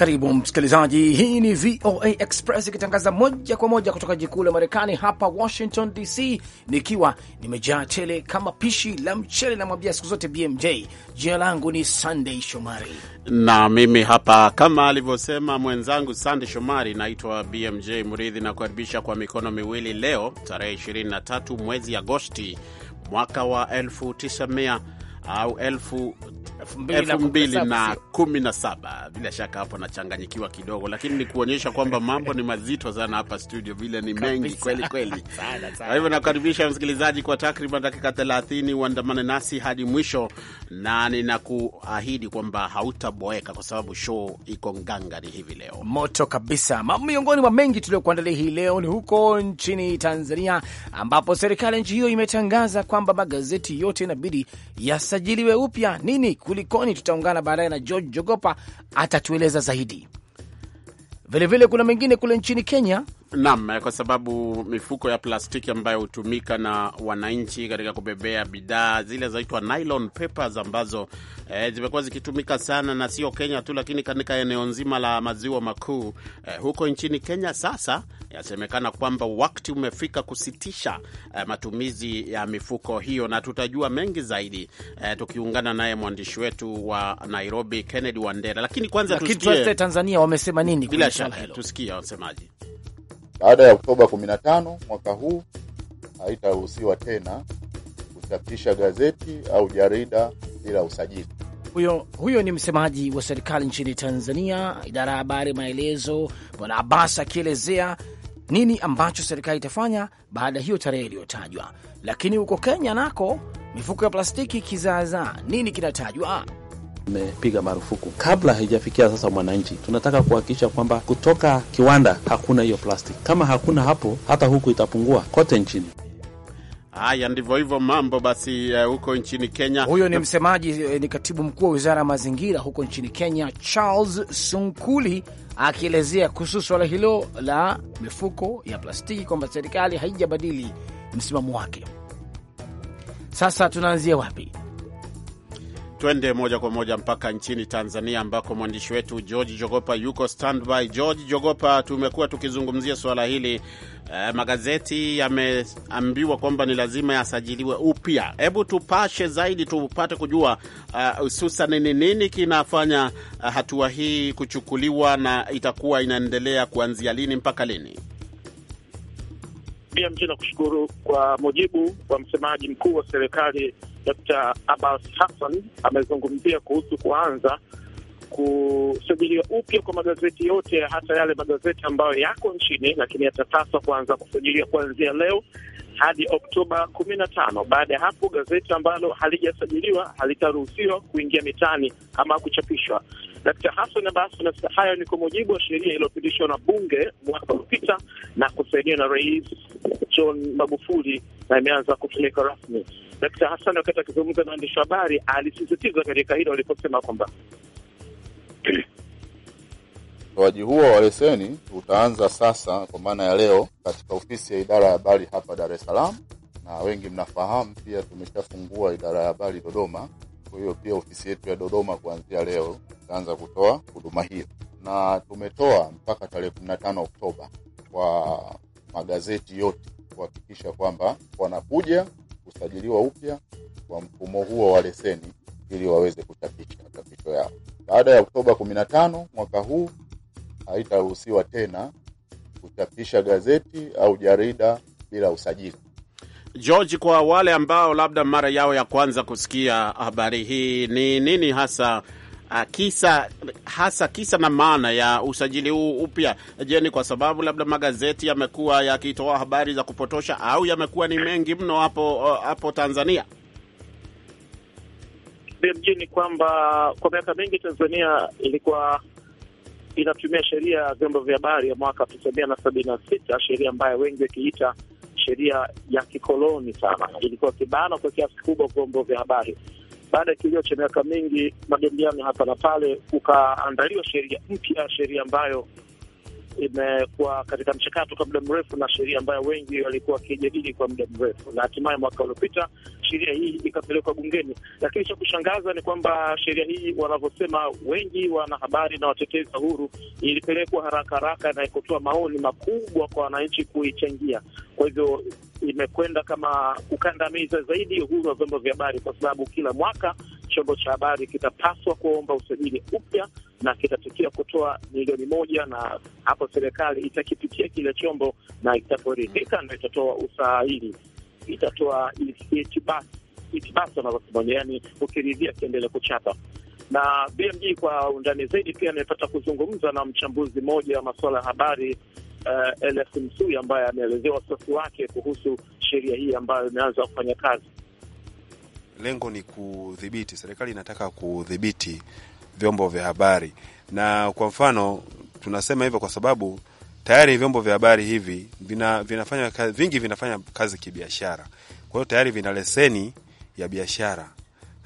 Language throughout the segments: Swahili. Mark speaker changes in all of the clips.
Speaker 1: Karibu msikilizaji, hii ni VOA Express ikitangaza moja kwa moja kutoka jikuu la Marekani hapa Washington DC, nikiwa nimejaa tele kama pishi la mchele, namwambia siku zote BMJ. Jina langu ni Sunday Shomari
Speaker 2: na mimi hapa kama alivyosema mwenzangu sandey Shomari, naitwa BMJ Mridhi na kukaribisha kwa mikono miwili leo tarehe 23 mwezi Agosti mwaka wa 1900 au elfu 2017. Bila shaka hapo nachanganyikiwa kidogo, lakini ni kuonyesha kwamba mambo ni mazito sana hapa studio, vile ni mengi kweli kweli. Kwa hivyo nakukaribisha msikilizaji kwa takriban dakika 30 uandamane nasi hadi mwisho, na ninakuahidi
Speaker 1: kwamba hautaboeka kwa sababu show iko ngangari hivi leo, moto kabisa. Miongoni mwa mengi tuliokuandalia hii leo ni huko nchini Tanzania, ambapo serikali nchi hiyo imetangaza kwamba magazeti yote inabidi yas asajiliwe upya nini, kulikoni? Tutaungana baadaye na George Jogopa, atatueleza zaidi. Vilevile vile kuna mengine kule nchini Kenya
Speaker 2: Naam, eh, kwa sababu mifuko ya plastiki ambayo hutumika na wananchi katika kubebea bidhaa zile zaitwa nylon papers ambazo eh, zimekuwa zikitumika sana na sio Kenya tu, lakini katika eneo nzima la maziwa makuu eh, huko nchini Kenya. Sasa yasemekana kwamba wakati umefika kusitisha eh, matumizi ya mifuko hiyo, na tutajua mengi zaidi eh, tukiungana naye mwandishi wetu wa Nairobi Kennedy Wandera. Lakini kwanza tusikie
Speaker 1: Tanzania wamesema nini, bila shaka
Speaker 2: tusikie wasemaji.
Speaker 3: Baada ya Oktoba 15 mwaka huu haitaruhusiwa tena kuchapisha gazeti au jarida bila usajili.
Speaker 1: Huyo, huyo ni msemaji wa serikali nchini Tanzania, idara ya habari maelezo, Bwana Abbas akielezea nini ambacho serikali itafanya baada hiyo tarehe iliyotajwa. Lakini huko Kenya nako mifuko ya plastiki kizaazaa, nini kinatajwa?
Speaker 4: Tumepiga marufuku kabla haijafikia sasa mwananchi. Tunataka kuhakikisha kwamba kutoka kiwanda hakuna hiyo plastiki. Kama hakuna hapo, hata huku itapungua kote nchini.
Speaker 2: Haya, ndivyo hivyo mambo basi. Uh, huko nchini Kenya, huyo ni
Speaker 1: msemaji, eh, ni katibu mkuu wa wizara ya mazingira huko nchini Kenya, Charles Sunkuli akielezea kuhusu swala hilo la mifuko ya plastiki kwamba serikali haijabadili msimamo wake. Sasa tunaanzia wapi?
Speaker 2: Twende moja kwa moja mpaka nchini Tanzania ambako mwandishi wetu George Jogopa yuko standby. George Jogopa, tumekuwa tukizungumzia suala hili eh, magazeti yameambiwa kwamba ni lazima yasajiliwe upya. Hebu tupashe zaidi, tupate kujua eh, hususan uh, ni nini kinafanya uh, hatua hii kuchukuliwa na itakuwa inaendelea kuanzia lini mpaka lini?
Speaker 5: Pia na kushukuru. Kwa mujibu wa msemaji mkuu wa serikali Dr. Abbas Hassan amezungumzia kuhusu kuanza kusajiliwa upya kwa magazeti yote, hata yale magazeti ambayo yako nchini, lakini yatapaswa kuanza kusajiliwa kuanzia leo hadi Oktoba kumi na tano. Baada ya hapo, gazeti ambalo halijasajiliwa halitaruhusiwa kuingia mitaani ama kuchapishwa. Dkt. Hassan Abbas anasema hayo ni kwa mujibu wa sheria iliyopitishwa na bunge mwaka uliopita na kusainiwa na Rais John Magufuli na imeanza kutumika rasmi. Dkt. Hassan wakati akizungumza na waandishi wa habari alisisitiza katika hilo aliposema
Speaker 3: kwamba utoaji huo wa leseni utaanza sasa, kwa maana ya leo, katika ofisi ya idara ya habari hapa Dar es Salaam, na wengi mnafahamu pia tumeshafungua idara ya habari Dodoma. Kwa hiyo pia ofisi yetu ya Dodoma kuanzia leo tutaanza kutoa huduma hiyo, na tumetoa mpaka tarehe kumi na tano Oktoba kwa magazeti yote kuhakikisha kwamba wanakuja kusajiliwa upya kwa mfumo huo wa leseni ili waweze kuchapisha machapisho yao. Baada ya Oktoba kumi na tano mwaka huu haitaruhusiwa tena kuchapisha gazeti au jarida bila usajili.
Speaker 2: George, kwa wale ambao labda mara yao ya kwanza kusikia habari hii, ni nini hasa Ah, kisa hasa kisa na maana ya usajili huu upya? Je, ni kwa sababu labda magazeti yamekuwa yakitoa habari za kupotosha au yamekuwa ni mengi mno hapo hapo Tanzania?
Speaker 5: ni kwamba kwa miaka mingi Tanzania ilikuwa inatumia sheria ya vyombo vya habari ya mwaka elfu tisa mia na sabini na sita, sheria ambayo wengi wakiita sheria ya kikoloni sana. Ilikuwa kibana kwa kiasi kubwa vyombo vya habari, baada ya kilio cha miaka mingi, majadiliano hapa na pale, kukaandaliwa sheria mpya, sheria ambayo imekuwa katika mchakato kwa muda mrefu na sheria ambayo wengi walikuwa wakijadili kwa muda mrefu, na hatimaye mwaka uliopita sheria hii ikapelekwa bungeni. Lakini cha kushangaza ni kwamba sheria hii, wanavyosema wengi wanahabari na watetezi huru, ilipelekwa haraka haraka na ikotoa maoni makubwa kwa wananchi kuichangia. Kwa hivyo imekwenda kama kukandamiza zaidi uhuru wa vyombo vya habari, kwa sababu kila mwaka chombo cha habari kitapaswa kuomba usajili upya na kitatakiwa kutoa milioni moja, na hapo serikali itakipitia kile chombo, na itaporidhika ndo itatoa usahili, itatoa itibasa naosema, yaani ukiridhia kiendele kuchapa na BMG kwa undani zaidi. Pia nimepata kuzungumza na mchambuzi mmoja wa masuala ya habari uh, eh, Elias Msui ambaye ameelezea wasiwasi wake kuhusu sheria hii ambayo imeanza kufanya kazi
Speaker 2: lengo ni kudhibiti, serikali inataka kudhibiti vyombo vya habari, na kwa mfano tunasema hivyo kwa sababu tayari vyombo vya habari hivi vina, vinafanya kazi, vingi vinafanya kazi kibiashara, kwa hiyo tayari vina leseni ya biashara.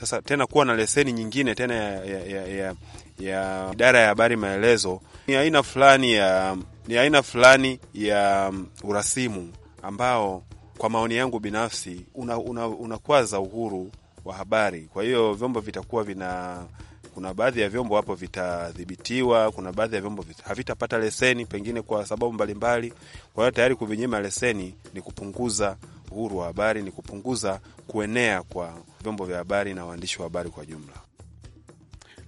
Speaker 2: Sasa tena kuwa na leseni nyingine tena ya, ya, ya, ya, ya idara ya habari maelezo ni aina fulani ya, ni aina fulani ya urasimu ambao kwa maoni yangu binafsi unakwaza una, una uhuru wa habari. Kwa hiyo vyombo vitakuwa vina kuna baadhi ya vyombo hapo vitadhibitiwa, kuna baadhi ya vyombo havitapata leseni pengine kwa sababu mbalimbali. Kwa hiyo tayari kuvinyima leseni ni kupunguza uhuru wa habari, ni kupunguza kuenea kwa vyombo vya habari na waandishi wa habari kwa jumla.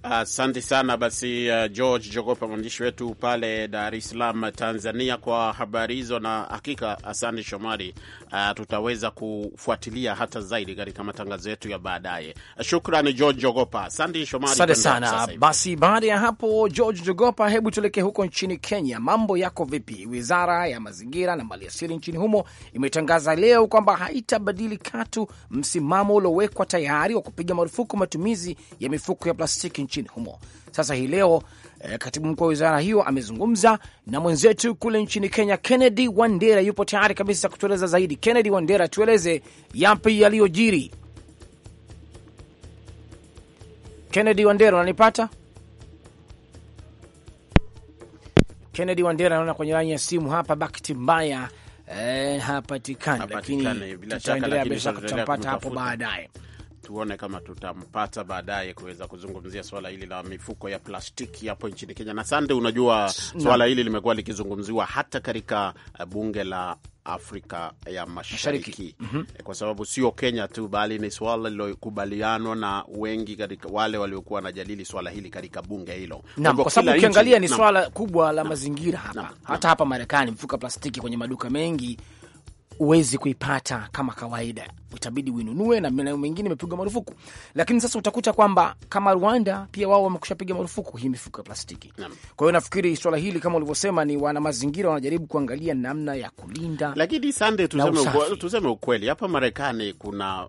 Speaker 2: Asante uh, sana basi uh, George Jogopa, mwandishi wetu pale Dar es Salaam, Tanzania, kwa habari hizo, na hakika asante Shomari uh, tutaweza kufuatilia hata zaidi katika matangazo yetu ya baadaye. Shukrani George Jogopa, asante Shomari, asante sana.
Speaker 1: Basi baada ya hapo George Jogopa, hebu tuelekee huko nchini Kenya. Mambo yako vipi? Wizara ya mazingira na maliasili nchini humo imetangaza leo kwamba haitabadili katu msimamo uliowekwa tayari wa kupiga marufuku matumizi ya mifuko ya plastiki nchini humo. Sasa hii leo E, katibu mkuu wa wizara hiyo amezungumza na mwenzetu kule nchini Kenya, Kennedy Wandera yupo tayari kabisa kutueleza zaidi. Kennedy Wandera, tueleze yapi yaliyojiri. Kennedy Wandera, unanipata? Kennedy Wandera anaona kwenye laini ya simu hapa, bakti mbaya eh, hapatikani, lakini tutaendelea bila shaka, tutampata hapo baadaye
Speaker 2: tuone kama tutampata baadaye kuweza kuzungumzia swala hili la mifuko ya plastiki hapo nchini Kenya. Na sande, unajua swala hili limekuwa likizungumziwa hata katika eh, bunge la Afrika ya Mashariki mm -hmm. Kwa sababu sio Kenya tu bali ni swala lilokubalianwa na wengi katika wale waliokuwa wanajadili swala hili katika bunge hilo, kwa sababu ukiangalia ni swala
Speaker 1: kubwa la na mazingira hapa na, hata na, hapa Marekani mfuko plastiki kwenye maduka mengi huwezi kuipata kama kawaida, itabidi uinunue, na maeneo mengine imepigwa marufuku. Lakini sasa utakuta kwamba kama Rwanda pia wao wamekusha piga marufuku hii mifuko ya plastiki. Kwa hiyo nafikiri swala hili kama ulivyosema, ni wana mazingira wanajaribu kuangalia namna ya kulinda. Lakini sande,
Speaker 2: tuseme ukweli, hapa Marekani kuna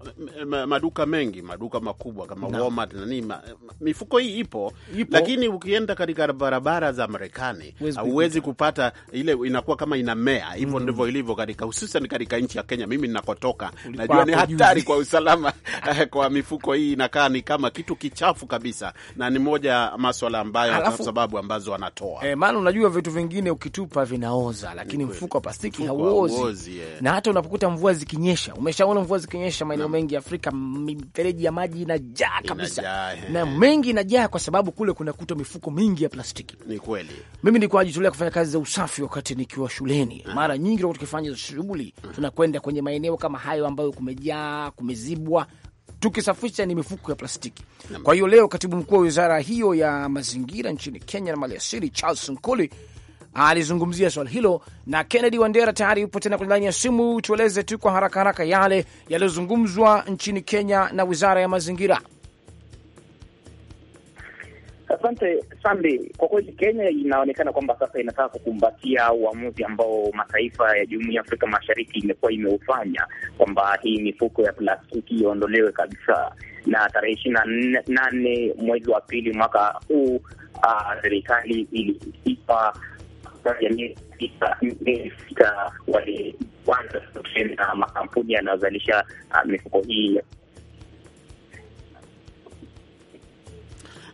Speaker 2: maduka mengi, maduka makubwa kama na Walmart na nini, mifuko hii ipo, ipo. Lakini ukienda katika barabara za Marekani hauwezi kupata ile, inakuwa kama inamea hivyo, mm. ndivyo ilivyo katika hususan katika nchi ya Kenya, mimi ninakotoka, najua ni hatari kwa usalama kwa mifuko hii, inakaa ni kama kitu kichafu kabisa, na ni moja maswala ambayo sababu ambazo wanatoa
Speaker 1: eh, maana unajua vitu vingine ukitupa vinaoza, lakini mfuko wa plastiki hauozi yeah. Na hata unapokuta mvua zikinyesha, umeshaona mvua zikinyesha maeneo mengi ya Afrika, mifereji ya maji inajaa kabisa inajaa, eh. na mengi inajaa kwa sababu kule kuna kunakuta mifuko mingi ya plastiki. Ni kweli, mimi nilikuwa najitolea kufanya kazi za usafi wakati nikiwa shuleni, mara nyingi tukifanya shughuli tunakwenda kwenye maeneo kama hayo ambayo kumejaa, kumezibwa tukisafisha ni mifuko ya plastiki. Kwa hiyo leo katibu mkuu wa wizara hiyo ya mazingira nchini Kenya na maliasili Charles Nkuli alizungumzia swala hilo, na Kennedy Wandera tayari yupo tena kwenye laini ya simu. Tueleze tu kwa haraka haraka yale yaliyozungumzwa nchini Kenya na wizara ya mazingira.
Speaker 5: Asante Sande. Kwa kweli, Kenya inaonekana kwamba sasa inataka kukumbatia uamuzi ambao mataifa ya jumuiya ya Afrika Mashariki imekuwa imeufanya kwamba hii mifuko ya plastiki iondolewe kabisa, na tarehe ishirini na nane mwezi wa pili mwaka huu ah, serikali iliipa wale kwanza kutenda makampuni yanayozalisha ah, mifuko hii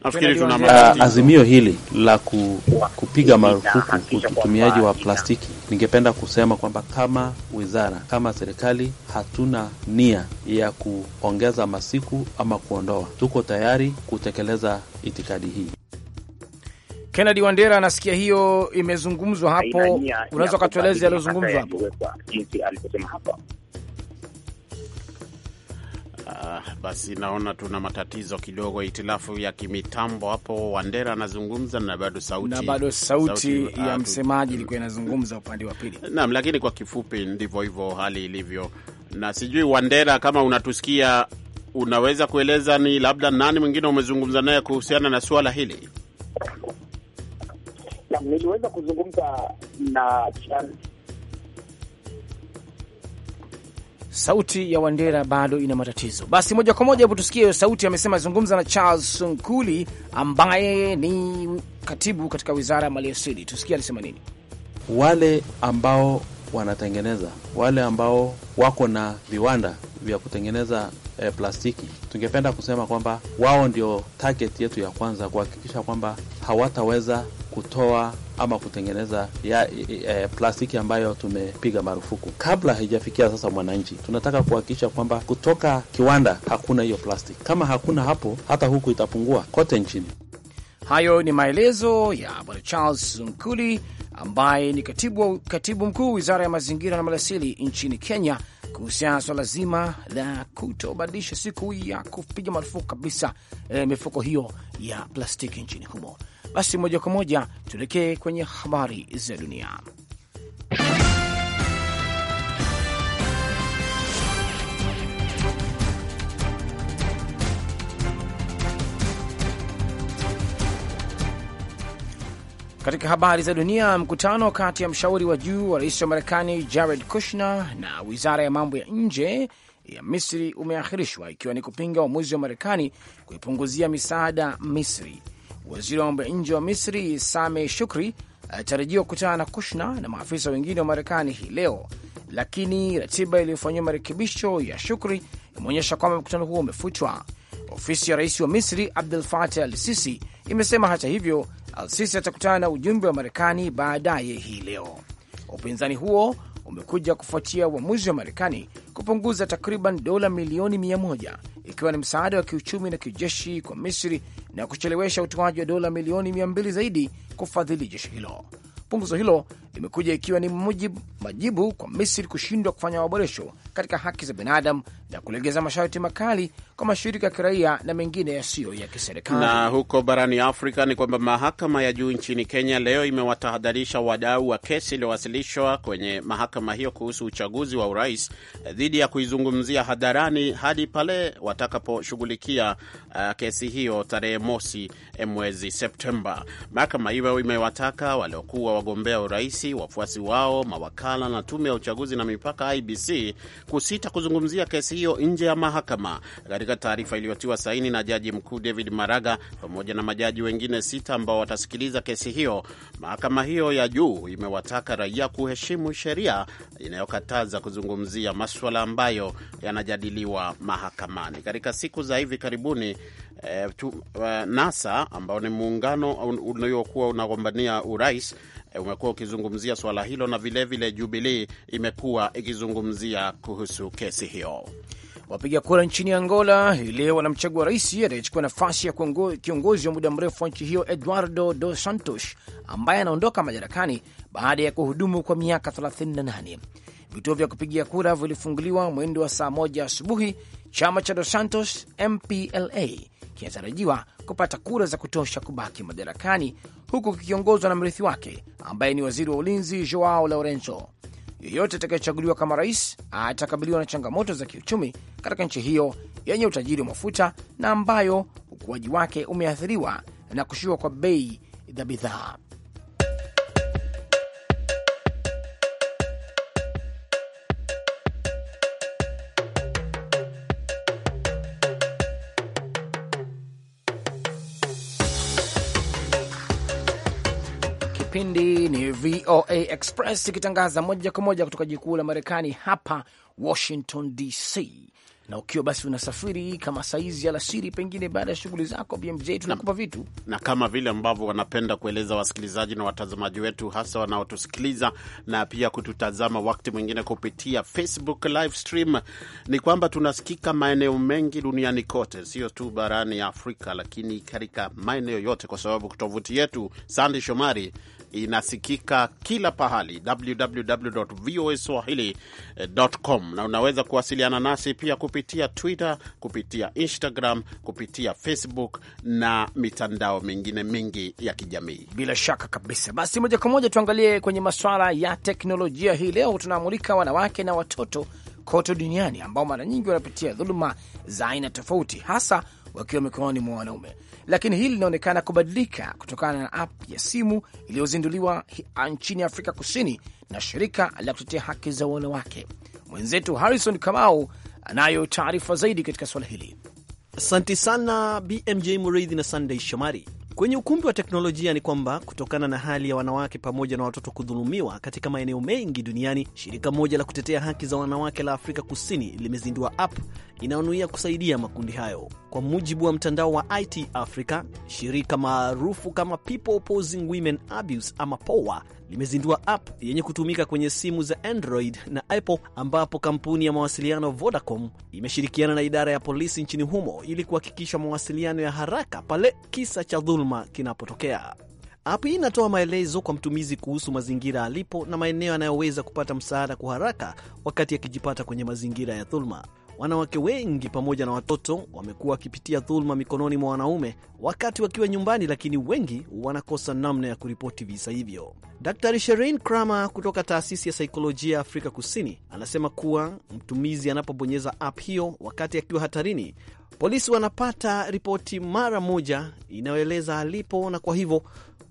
Speaker 5: Eh, azimio
Speaker 4: hili la ku, kupiga marufuku utumiaji wa plastiki. Ningependa kusema kwamba kama wizara, kama serikali, hatuna nia ya kuongeza masiku ama kuondoa. Tuko tayari kutekeleza itikadi
Speaker 5: hii.
Speaker 1: Kennedy Wandera, anasikia hiyo imezungumzwa hapo, unaweza ukatueleza yaliyozungumzwa hapo?
Speaker 2: Uh, basi naona tuna matatizo kidogo, hitilafu ya kimitambo hapo. Wandera anazungumza na bado sauti, na bado sauti, sauti ya uh,
Speaker 1: msemaji ilikuwa inazungumza upande wa pili.
Speaker 2: Naam, lakini kwa kifupi ndivyo hivyo hali ilivyo, na sijui Wandera kama unatusikia, unaweza kueleza ni labda nani mwingine umezungumza naye kuhusiana na suala hili?
Speaker 5: Niliweza kuzungumza na
Speaker 1: Sauti ya Wandera bado ina matatizo. Basi moja kwa moja, hebu tusikie sauti. Amesema zungumza na Charles Sunkuli ambaye ni katibu katika wizara ya maliasili. Tusikie alisema nini. Wale
Speaker 4: ambao wanatengeneza, wale ambao wako na viwanda vya kutengeneza e, plastiki. Tungependa kusema kwamba wao ndio target yetu ya kwanza, kuhakikisha kwamba hawataweza kutoa ama kutengeneza ya, e, plastiki ambayo tumepiga marufuku kabla haijafikia sasa mwananchi. Tunataka kuhakikisha kwamba kutoka kiwanda hakuna hiyo plastiki. Kama hakuna hapo, hata huku itapungua kote nchini.
Speaker 1: Hayo ni maelezo ya Bwana Charles Mkuli, ambaye ni katibu, katibu mkuu wizara ya mazingira na maliasili nchini Kenya kuhusiana na swala zima la kutobadilisha siku ya kupiga marufuku kabisa e, mifuko hiyo ya plastiki nchini humo. Basi moja kwa moja tuelekee kwenye habari za dunia. Katika habari za dunia, mkutano kati ya mshauri wa juu wa rais wa Marekani Jared Kushner na wizara ya mambo ya nje ya Misri umeahirishwa ikiwa ni kupinga uamuzi wa Marekani kuipunguzia misaada Misri. Waziri wa mambo ya nje wa Misri same Shukri alitarajiwa kukutana na Kushner na maafisa wengine wa Marekani hii leo, lakini ratiba iliyofanyiwa marekebisho ya Shukri imeonyesha kwamba mkutano huo umefutwa. Ofisi ya rais wa Misri abdul fatah al Sisi imesema hata hivyo Al-Sisi atakutana na ujumbe wa Marekani baadaye hii leo. Upinzani huo umekuja kufuatia uamuzi wa Marekani kupunguza takriban dola milioni mia moja ikiwa ni msaada wa kiuchumi na kijeshi kwa Misri na kuchelewesha utoaji wa dola milioni mia mbili zaidi kufadhili jeshi hilo. Punguzo hilo limekuja ikiwa ni mujibu, majibu kwa Misri kushindwa kufanya maboresho katika haki za binadamu na kulegeza masharti makali kwa mashirika ya kiraia na mengine yasiyo ya, ya kiserikali. Na
Speaker 2: huko barani Afrika ni kwamba mahakama ya juu nchini Kenya leo imewatahadharisha wadau wa kesi iliyowasilishwa kwenye mahakama hiyo kuhusu uchaguzi wa urais dhidi ya kuizungumzia hadharani hadi pale watakaposhughulikia uh, kesi hiyo tarehe mosi eh, mwezi Septemba. Mahakama hiyo imewataka waliokuwa wagombea urais polisi, wafuasi wao, mawakala na tume ya uchaguzi na mipaka IBC kusita kuzungumzia kesi hiyo nje ya mahakama. Katika taarifa iliyotiwa saini na jaji mkuu David Maraga pamoja na majaji wengine sita ambao watasikiliza kesi hiyo, mahakama hiyo ya juu imewataka raia kuheshimu sheria inayokataza kuzungumzia maswala ambayo yanajadiliwa mahakamani. Katika siku za hivi karibuni eh, tu, eh, NASA ambao ni muungano uliokuwa unagombania urais Eh, umekuwa ukizungumzia swala hilo, na vilevile jubilii imekuwa ikizungumzia kuhusu kesi hiyo.
Speaker 1: Wapiga kura nchini Angola hii leo wanamchagua rais atayechukua nafasi ya kiongozi wa muda mrefu wa nchi hiyo Eduardo Dos Santos, ambaye anaondoka madarakani baada ya kuhudumu kwa miaka 38. Vituo vya kupigia kura vilifunguliwa mwendo wa saa moja asubuhi. Chama cha Dos Santos MPLA kinatarajiwa kupata kura za kutosha kubaki madarakani huku kikiongozwa na mrithi wake ambaye ni waziri wa ulinzi Joao lorenzo Yeyote atakayechaguliwa kama rais atakabiliwa na changamoto za kiuchumi katika nchi hiyo yenye utajiri wa mafuta na ambayo ukuaji wake umeathiriwa na kushuka kwa bei za bidhaa. VOA Express ikitangaza moja kwa moja kutoka jikuu la Marekani hapa Washington DC. Na ukiwa basi unasafiri kama saizi alasiri, pengine baada ya shughuli zako BMJ, tunakupa vitu
Speaker 2: na kama vile ambavyo wanapenda kueleza wasikilizaji na watazamaji wetu, hasa wanaotusikiliza na pia kututazama wakati mwingine kupitia Facebook live stream, ni kwamba tunasikika maeneo mengi duniani kote, sio tu barani Afrika, lakini katika maeneo yote, kwa sababu tovuti yetu Sandi Shomari inasikika kila pahali www.voaswahili.com, na unaweza kuwasiliana nasi pia kupitia Twitter, kupitia Instagram, kupitia Facebook na mitandao mingine mingi ya kijamii. Bila shaka kabisa. Basi
Speaker 1: moja kwa moja tuangalie kwenye masuala ya teknolojia. Hii leo tunamulika wanawake na watoto kote duniani ambao mara nyingi wanapitia dhuluma za aina tofauti hasa wakiwa mikononi mwa wanaume, lakini hili linaonekana kubadilika kutokana na app ya simu iliyozinduliwa nchini Afrika Kusini na shirika la kutetea haki za wanawake. Mwenzetu Harrison Kamau anayo
Speaker 6: taarifa zaidi katika suala hili. Asanti sana BMJ Mureithi na Sandey Shomari. Kwenye ukumbi wa teknolojia ni kwamba kutokana na hali ya wanawake pamoja na watoto kudhulumiwa katika maeneo mengi duniani, shirika moja la kutetea haki za wanawake la Afrika Kusini limezindua app inayonuia kusaidia makundi hayo. Kwa mujibu wa mtandao wa IT Africa, shirika maarufu kama People Opposing Women Abuse ama POA limezindua app yenye kutumika kwenye simu za Android na Apple, ambapo kampuni ya mawasiliano Vodacom imeshirikiana na idara ya polisi nchini humo ili kuhakikisha mawasiliano ya haraka pale kisa cha dhuluma kinapotokea. App hii inatoa maelezo kwa mtumizi kuhusu mazingira alipo na maeneo anayoweza kupata msaada kwa haraka wakati akijipata kwenye mazingira ya dhuluma. Wanawake wengi pamoja na watoto wamekuwa wakipitia dhuluma mikononi mwa wanaume wakati wakiwa nyumbani, lakini wengi wanakosa namna ya kuripoti visa hivyo. Dr. Sherin Kramer kutoka taasisi ya saikolojia Afrika Kusini anasema kuwa mtumizi anapobonyeza app hiyo wakati akiwa hatarini, polisi wanapata ripoti mara moja inayoeleza alipo na kwa hivyo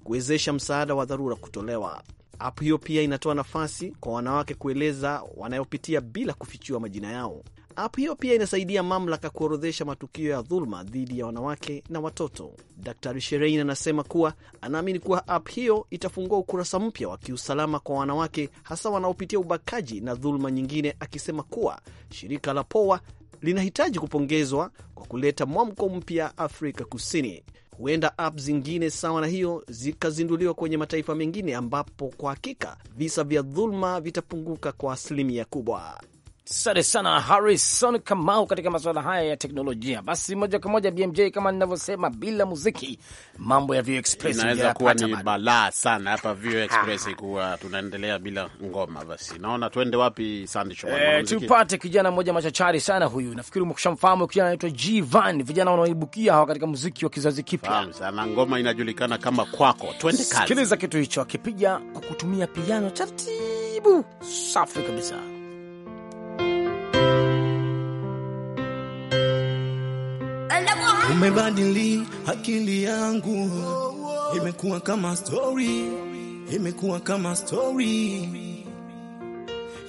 Speaker 6: kuwezesha msaada wa dharura kutolewa. App hiyo pia inatoa nafasi kwa wanawake kueleza wanayopitia bila kufichiwa majina yao. App hiyo pia inasaidia mamlaka kuorodhesha matukio ya dhuluma dhidi ya wanawake na watoto. dr Sherein anasema kuwa anaamini kuwa app hiyo itafungua ukurasa mpya wa kiusalama kwa wanawake, hasa wanaopitia ubakaji na dhuluma nyingine, akisema kuwa shirika la POA linahitaji kupongezwa kwa kuleta mwamko mpya Afrika Kusini. Huenda app zingine sawa na hiyo zikazinduliwa kwenye mataifa mengine ambapo kwa hakika visa vya dhuluma vitapunguka kwa asilimia kubwa.
Speaker 1: Asante sana
Speaker 6: Harrison Kamau
Speaker 1: katika masuala haya ya teknolojia. Basi moja kwa moja BMJ, kama ninavyosema, bila muziki mambo ya Vio Express inaweza kuwa ni
Speaker 2: balaa sana hapa Vio Express kuwa tunaendelea bila ngoma. Basi naona tuende wapi, Sandy Shomari? Eh, tupate
Speaker 1: kijana mmoja machachari sana huyu, nafikiri umeshamfahamu kijana anaitwa g Vijana wanaoibukia hawa katika muziki wa kizazi kipya sana, ngoma
Speaker 2: inajulikana kama kwako. Twende kazi, sikiliza
Speaker 1: kitu hicho akipiga kwa kutumia piano taratibu, safi kabisa.
Speaker 7: Umebadili akili yangu, imekuwa kama story, imekuwa kama story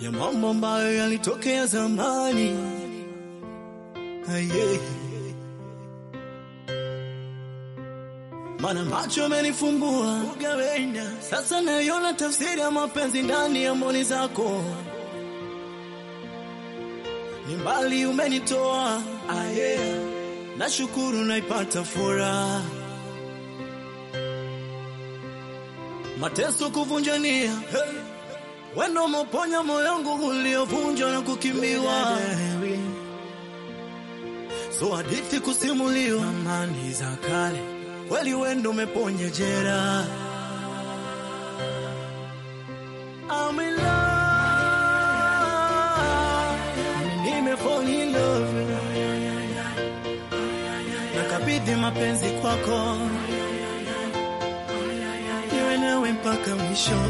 Speaker 7: ya mambo ambayo yalitokea zamani. Aye, mana macho amenifumbua sasa, naiona tafsiri ya mapenzi ndani ya mboni zako ni mbali umenitoa aye na shukuru naipata furaha, mateso kuvunjania, hey. Wendo moponya moyo wangu uliovunjwa na kukimbiwa, so hadithi kusimuliwa, amani za kale, kweli wendo umeponya jeraha mapenzi kwako niwe nawe mpaka mwisho.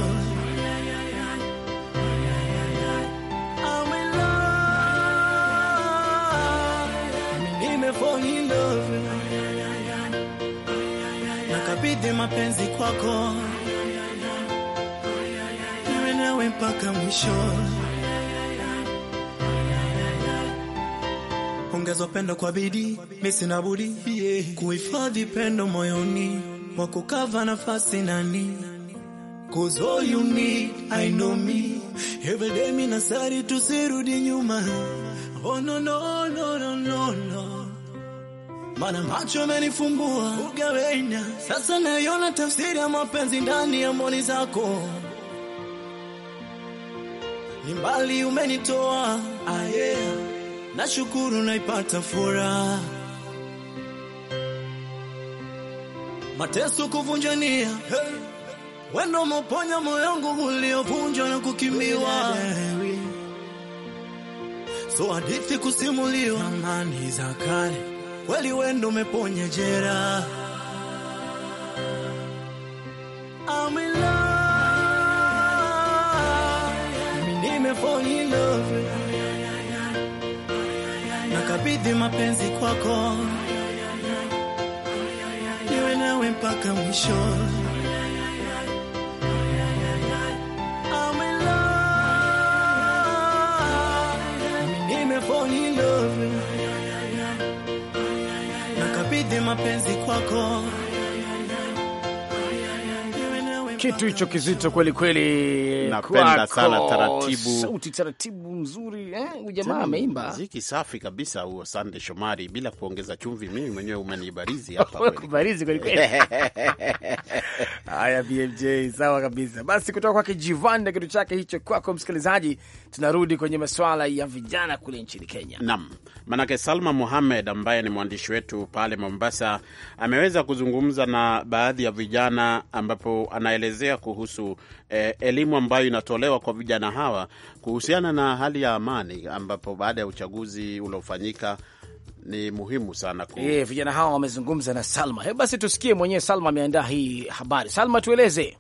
Speaker 7: Nakabidhi mapenzi kwako niwe nawe mpaka mwisho. ongeza pendo kwa bidii, mimi sina budi yeah. Kuhifadhi pendo moyoni mwako, kukava nafasi nani Cause all you need, I know me. Every day mina sari tu sirudi nyuma. Oh no no no no no no. Mana macho yamenifumbua ugawenya. Sasa naiona tafsiri ya mapenzi ndani ya mboni zako. Ni mbali umenitoa, ah yeah nashukuru naipata fura. mateso kuvunja nia, hey. Wendo moponya moyo wangu uliovunjwa na kukimiwa, so hadithi kusimuliwa, amani za kale, kweli wendo meponya jera I'm in love nikabidhi mapenzi kwako, niwe nawe mpaka mwisho. Oh,
Speaker 1: Kitu hicho kizito kweli kweli, napenda sana taratibu, sauti taratibu nzuri eh, jamaa ameimba
Speaker 2: safi kabisa huo. Sande Shomari, bila kuongeza chumvi, mimi mwenyewe umenibarizi hapa kweli kweli.
Speaker 1: Haya BMJ, sawa kabisa. Basi kutoka kwake Jivande, kitu chake hicho kwako msikilizaji. Tunarudi kwenye masuala ya vijana kule nchini Kenya.
Speaker 2: Naam, manake Salma Muhamed ambaye ni mwandishi wetu pale Mombasa ameweza kuzungumza na baadhi ya vijana, ambapo anaelezea kuhusu eh, elimu ambayo inatolewa kwa vijana hawa kuhusiana na hali ya amani, ambapo baada ya uchaguzi uliofanyika
Speaker 1: ni muhimu sana ku... yeah, vijana hawa wamezungumza na Salma. He, basi tusikie mwenyewe Salma ameandaa hii habari. Salma, tueleze.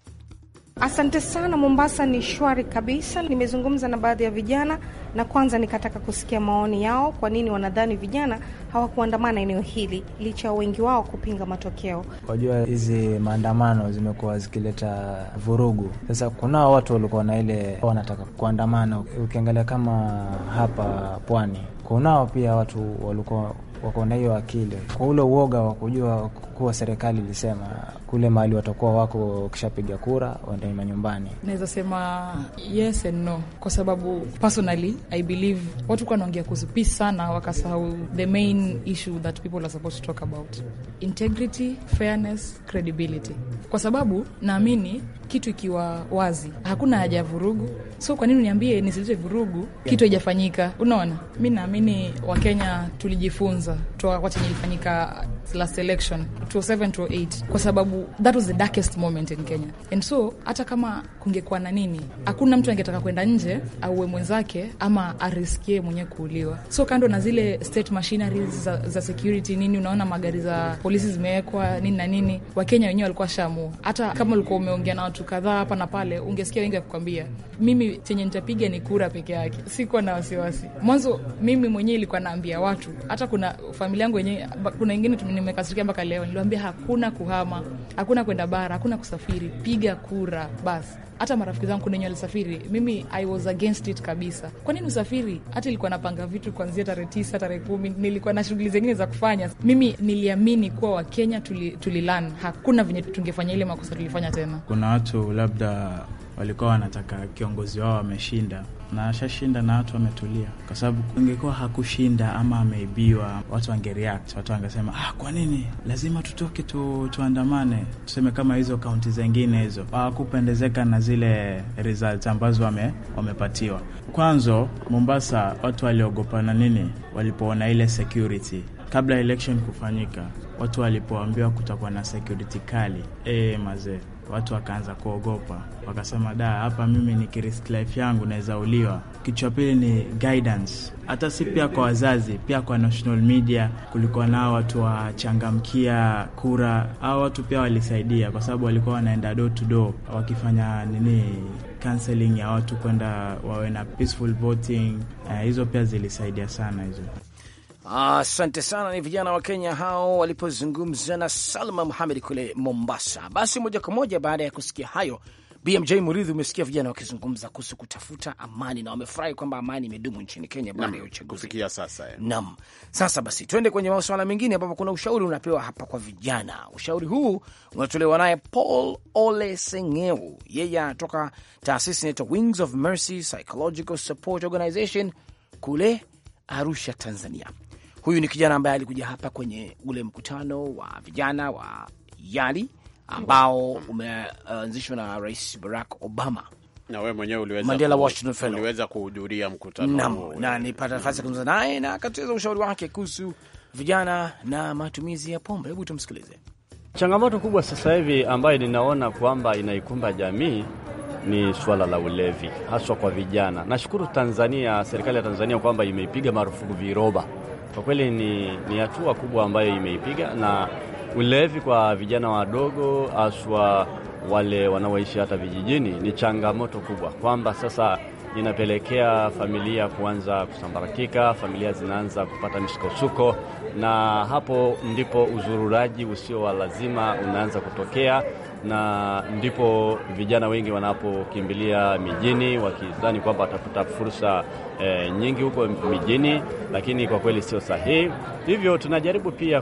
Speaker 8: Asante sana. Mombasa ni shwari kabisa. Nimezungumza na baadhi ya vijana na kwanza nikataka kusikia maoni yao, kwa nini wanadhani vijana hawakuandamana eneo hili licha ya wengi wao kupinga matokeo.
Speaker 9: Wajua, hizi maandamano zimekuwa zikileta vurugu. Sasa kunao watu walikuwa na ile wanataka kuandamana. Ukiangalia kama hapa pwani, kunao pia watu walikuwa wako na hiyo akili kwa ule uoga wa kujua kuwa serikali ilisema kule mahali watakuwa wako wakishapiga kura waende manyumbani.
Speaker 8: Naweza sema yes and no, kwa sababu personally I believe watu kuwa naongea kuhusu peace sana, wakasahau the main issue that people are supposed to talk about: integrity, fairness, credibility. Kwa sababu naamini kitu ikiwa wazi hakuna haja ya vurugu, so kwa nini uniambie nisilete vurugu kitu haijafanyika? Unaona, mi naamini Wakenya tulijifunza toa kwa chenye ilifanyika last election 2007 2008, kwa sababu that was the darkest moment in Kenya and so hata kama kungekuwa na nini, hakuna mtu angetaka kwenda nje auwe mwenzake ama ariskie mwenyewe kuuliwa. So kando na zile state machineries za, za security nini, unaona magari za polisi zimewekwa nini na nini, Wakenya wenyewe walikuwa shamu. Hata kama ulikuwa umeongea na watu kadhaa hapa na pale, ungesikia wengi wakukwambia, mimi chenye nitapiga ni kura peke yake, sikuwa na wasiwasi. Mwanzo mimi mwenyewe ilikuwa naambia watu, hata kuna familia yangu wenyewe, kuna wengine nimekasirikia mpaka leo niliwambia hakuna kuhama, hakuna kwenda bara, hakuna kusafiri, piga kura basi. Hata marafiki zangu kuna wenye walisafiri, mimi I was against it kabisa. Kwa nini usafiri? Hata ilikuwa napanga vitu kuanzia tarehe tisa, tarehe kumi, nilikuwa na shughuli zingine za kufanya. Mimi niliamini kuwa Wakenya tulilan tuli, hakuna venye tungefanya ile makosa tulifanya tena.
Speaker 9: Kuna watu labda walikuwa wanataka kiongozi wao ameshinda na ashashinda na watu wametulia, kwa sababu ingekuwa hakushinda ama ameibiwa, watu wangereact, watu wangesema ah, kwa nini lazima tutoke tu, tuandamane tuseme kama hizo kaunti zengine hizo hawakupendezeka na zile results ambazo wame, wamepatiwa. kwanzo Mombasa watu waliogopana nini walipoona ile security kabla election kufanyika, watu walipoambiwa kutakuwa na security kali. E, mazee watu wakaanza kuogopa, wakasema da, hapa mimi ni kirisk life yangu naweza uliwa. cha pili ni guidance, hata si pia kwa wazazi, pia kwa national media. Kulikuwa nao watu wachangamkia kura, au watu pia walisaidia, kwa sababu walikuwa wanaenda door to door wakifanya nini counseling ya watu kwenda wawe na peaceful voting. Uh, hizo pia zilisaidia sana hizo.
Speaker 1: Asante ah, sana. Ni vijana wa Kenya hao walipozungumza na Salma Muhamed kule Mombasa. Basi moja kwa moja baada ya kusikia hayo, BMJ Muridhi, umesikia vijana wakizungumza kuhusu kutafuta amani na wamefurahi kwamba amani imedumu nchini Kenya baada ya uchaguzi sasa. Eh. Naam, sasa basi tuende kwenye masuala mengine, ambapo kuna ushauri unapewa hapa kwa vijana. Ushauri huu unatolewa naye Paul Ole Sengeu, yeye anatoka taasisi inaitwa Wings of Mercy Psychological Support Organization kule Arusha, Tanzania. Huyu ni kijana ambaye alikuja hapa kwenye ule mkutano wa vijana wa YALI ambao umeanzishwa na Rais Barack Obama na we mwenyewe uliweza kuhudhuria mkutano na, na nipata nafasi ya kuzungumza naye na akatueleza ushauri wake kuhusu vijana na matumizi ya pombe. Hebu tumsikilize. Changamoto kubwa sasa
Speaker 10: hivi ambayo ninaona kwamba inaikumba jamii ni swala la ulevi, haswa kwa vijana. Nashukuru Tanzania, serikali ya Tanzania kwamba imeipiga marufuku viroba kwa kweli ni, ni hatua kubwa ambayo imeipiga na ulevi kwa vijana wadogo haswa wale wanaoishi hata vijijini ni changamoto kubwa, kwamba sasa inapelekea familia kuanza kusambaratika, familia zinaanza kupata misukosuko, na hapo ndipo uzururaji usio wa lazima unaanza kutokea, na ndipo vijana wengi wanapokimbilia mijini wakidhani kwamba watapata fursa e, nyingi huko mijini, lakini kwa kweli sio sahihi. Hivyo tunajaribu pia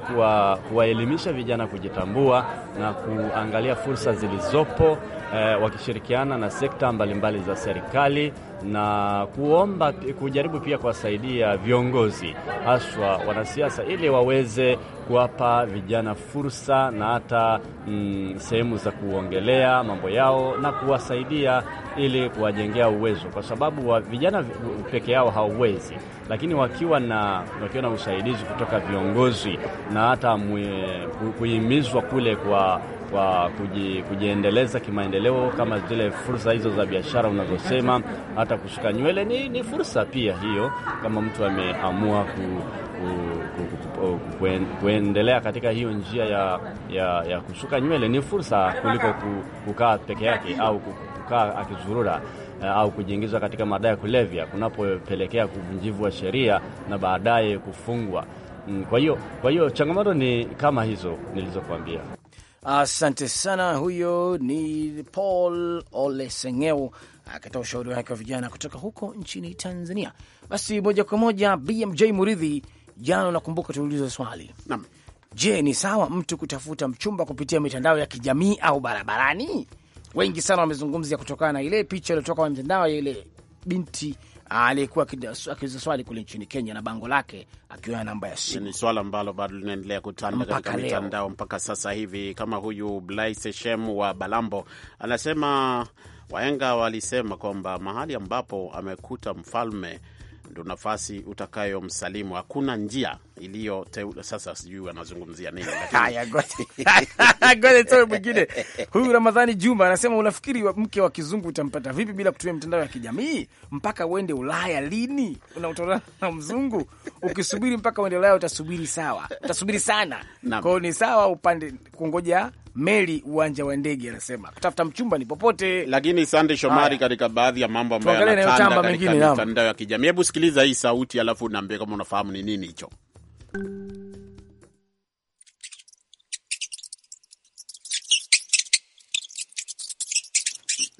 Speaker 10: kuwaelimisha vijana kujitambua na kuangalia fursa zilizopo e, wakishirikiana na sekta mbalimbali mbali za serikali na kuomba kujaribu pia kuwasaidia viongozi haswa wanasiasa ili waweze kuwapa vijana fursa na hata mm, sehemu za kuongelea mambo yao na kuwasaidia ili kuwajengea uwezo, kwa sababu wa vijana peke yao hauwezi, lakini wakiwa na, wakiwa na usaidizi kutoka viongozi na hata kuhimizwa kule kwa kwa kuji, kujiendeleza kimaendeleo kama zile fursa hizo za biashara unazosema, hata kusuka nywele ni, ni fursa pia hiyo, kama mtu ameamua ku, ku, ku, ku, kuendelea katika hiyo njia ya, ya, ya kusuka nywele ni fursa kuliko kukaa peke yake au kukaa akizurura. Eh, au kujiingiza katika madawa ya kulevya kunapopelekea kuvunjivu wa sheria na baadaye kufungwa. Mm, kwa hiyo kwa hiyo changamoto ni kama hizo nilizokuambia.
Speaker 1: Asante sana. Huyo ni Paul Olesengeu akitoa ushauri wake wa vijana kutoka huko nchini Tanzania. Basi moja kwa moja, BMJ Muridhi, jana unakumbuka tuuliza swali nam, Je, ni sawa mtu kutafuta mchumba kupitia mitandao ya kijamii au barabarani? wengi sana wamezungumzia kutokana na ile picha iliyotoka kwenye mitandao ya ile binti ah, aliyekuwa akiuza swali kule nchini Kenya na bango lake akiwa na namba ya simu. Ni
Speaker 2: swala ambalo bado linaendelea kutanda katika mitandao mpaka sasa hivi, kama huyu Blaise Shemu wa Balambo anasema wahenga walisema kwamba mahali ambapo amekuta mfalme ndo nafasi utakayomsalimu. Hakuna njia iliyoteule. Sasa sijui anazungumzia nini,
Speaker 1: ngoja toe mwingine. Huyu Ramadhani Juma anasema unafikiri mke wa kizungu utampata vipi bila kutumia mitandao ya kijamii? Mpaka uende Ulaya lini? Unautolana na mzungu, ukisubiri mpaka uende Ulaya utasubiri sawa, utasubiri sana. Kwa ni sawa upande kungoja meli uwanja wa ndege, anasema kutafuta mchumba ni popote.
Speaker 2: Lakini Sande Shomari, katika baadhi ya mambo ambayo yanatanda katika mitandao ya kijamii, hebu sikiliza hii sauti, alafu unaambia kama unafahamu ni nini hicho.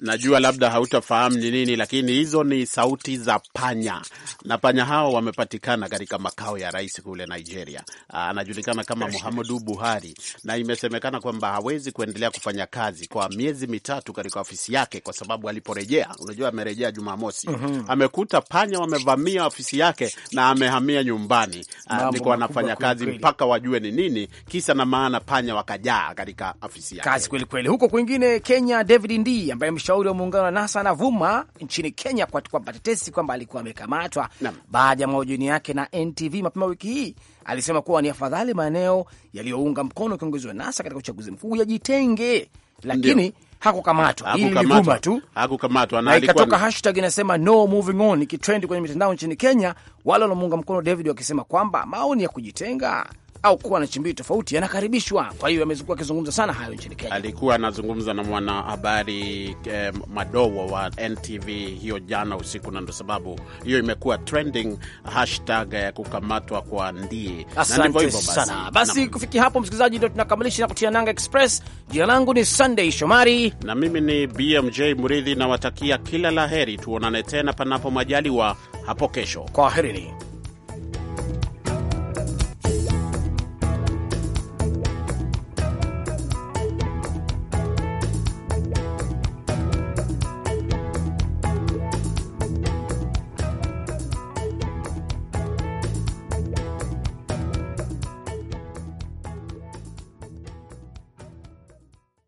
Speaker 2: najua labda hautafahamu ni nini, lakini hizo ni sauti za panya, na panya hao wamepatikana katika makao ya rais kule Nigeria. Ah, anajulikana kama Muhammadu Buhari, na imesemekana kwamba hawezi kuendelea kufanya kazi kwa miezi mitatu katika ofisi yake, kwa sababu aliporejea, unajua amerejea Jumamosi, mm -hmm. amekuta panya wamevamia ofisi yake na amehamia nyumbani, ah, ndiko anafanya kazi mpaka wajue ni nini kisa na maana, panya wakajaa katika ofisi yake. Kazi
Speaker 1: kweli kweli. Huko kwingine Kenya, David Ndii ambaye mshauri wa muungano wa NASA anavuma nchini Kenya kwamba tetesi kwamba alikuwa amekamatwa baada ya mahojiano yake na NTV mapema wiki hii, alisema kuwa ni afadhali maeneo yaliyounga mkono kiongozi wa NASA katika uchaguzi mkuu yajitenge, lakini Ndiyo. Hakukamatwa, hili tu, hakukamatwa na ikatoka hashtag inasema no moving on, ikitrend kwenye mitandao nchini Kenya, wale wanamuunga mkono David wakisema kwamba maoni ya kujitenga au kuwa na chimbii tofauti yanakaribishwa. Kwa hiyo amekuwa akizungumza sana hayo nchini Kenya.
Speaker 2: Alikuwa anazungumza na mwanahabari eh, Madowo wa NTV hiyo jana usiku, na ndo sababu hiyo imekuwa trending hashtag ya kukamatwa kwa ndie. Asante sana. Basi
Speaker 1: kufikia hapo, msikilizaji, ndo tunakamilisha na kutia nanga Express. Jina langu
Speaker 2: ni Sunday Shomari na mimi ni BMJ mridhi nawatakia kila la heri, tuonane tena panapo majaliwa hapo kesho. Kwaherini.